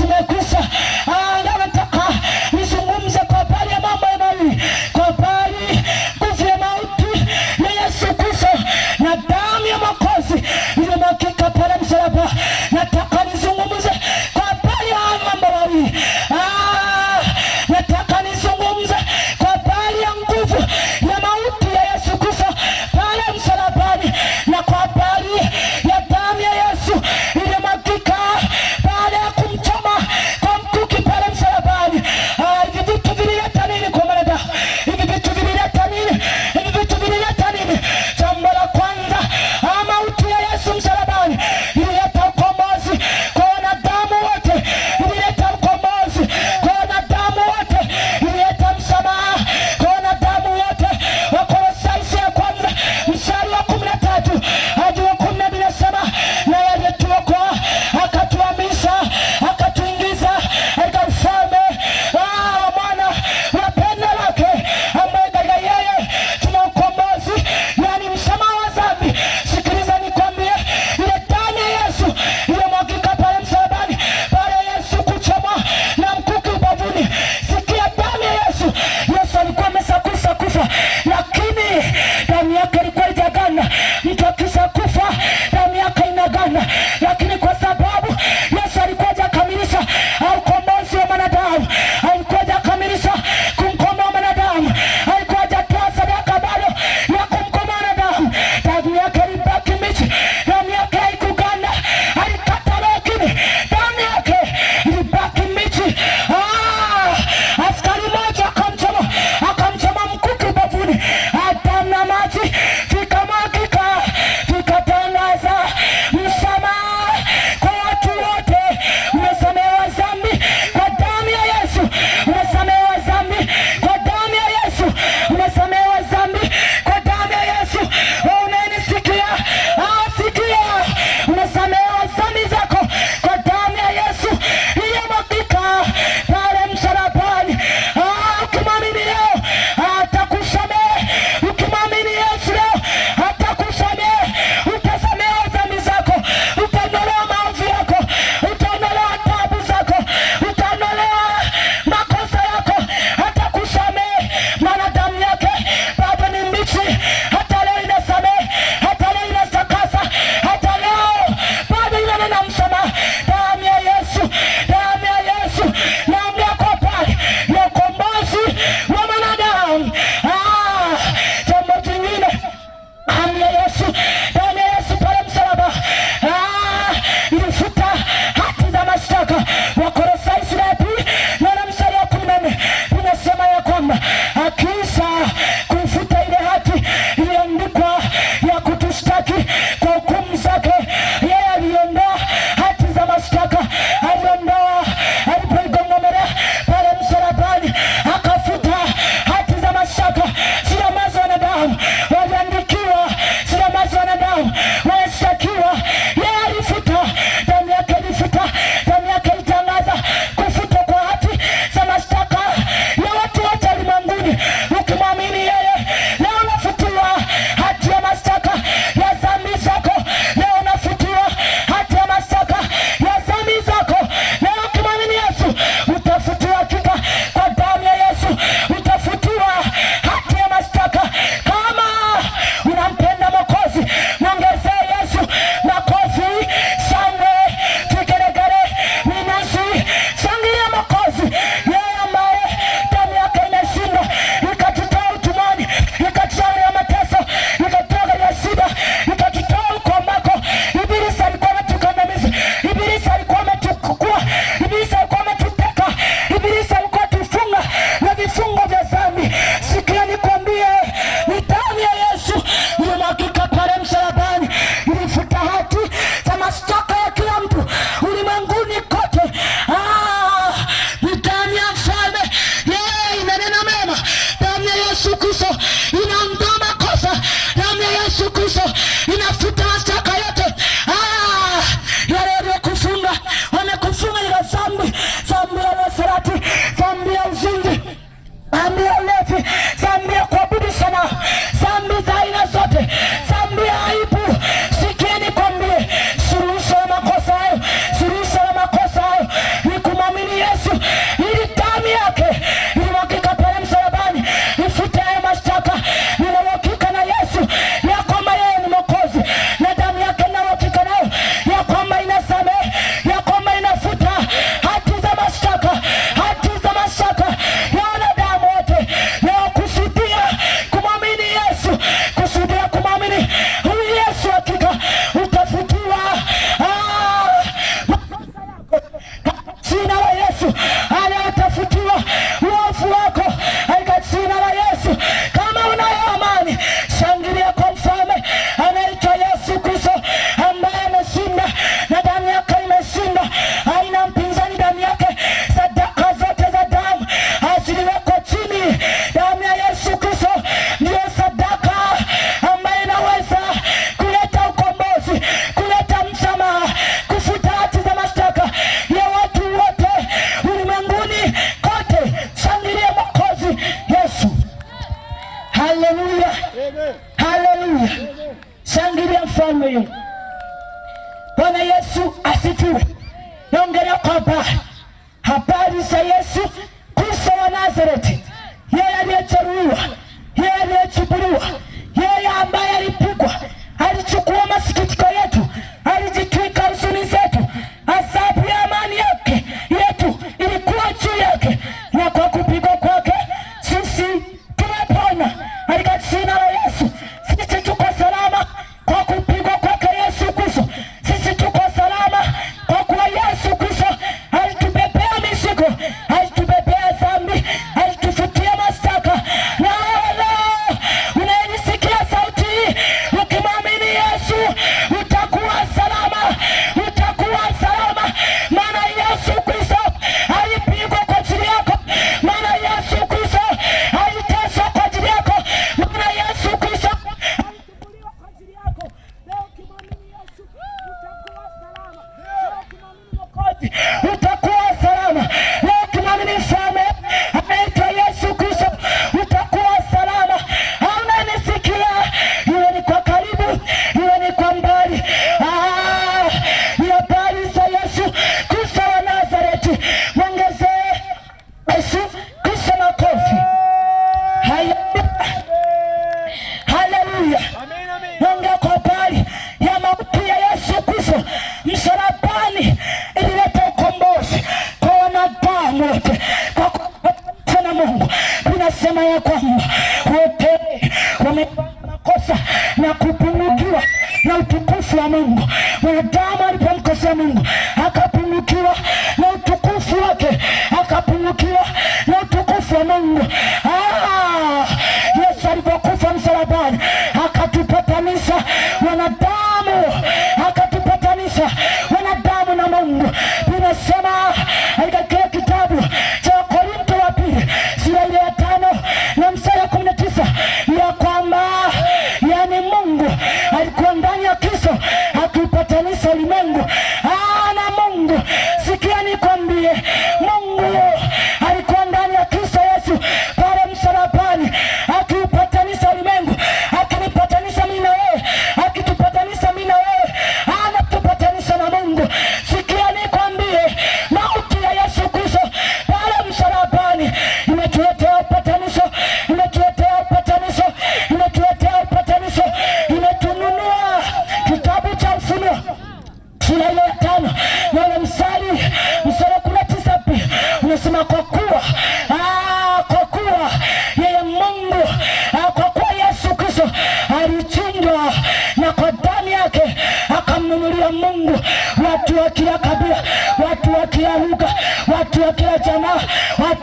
zimekufa I mfalme. Bwana Yesu asifiwe. Naongelea kwamba habari za Yesu Kristo wa Nazareti, yeye aliyejeruhiwa, yeye aliyechubuliwa, yeye ambaye alipigwa, alichukua masikini mama ya kwamba wote wamefanya makosa na kupungukiwa na utukufu wa Mungu Wanadamu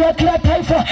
watu wa kila taifa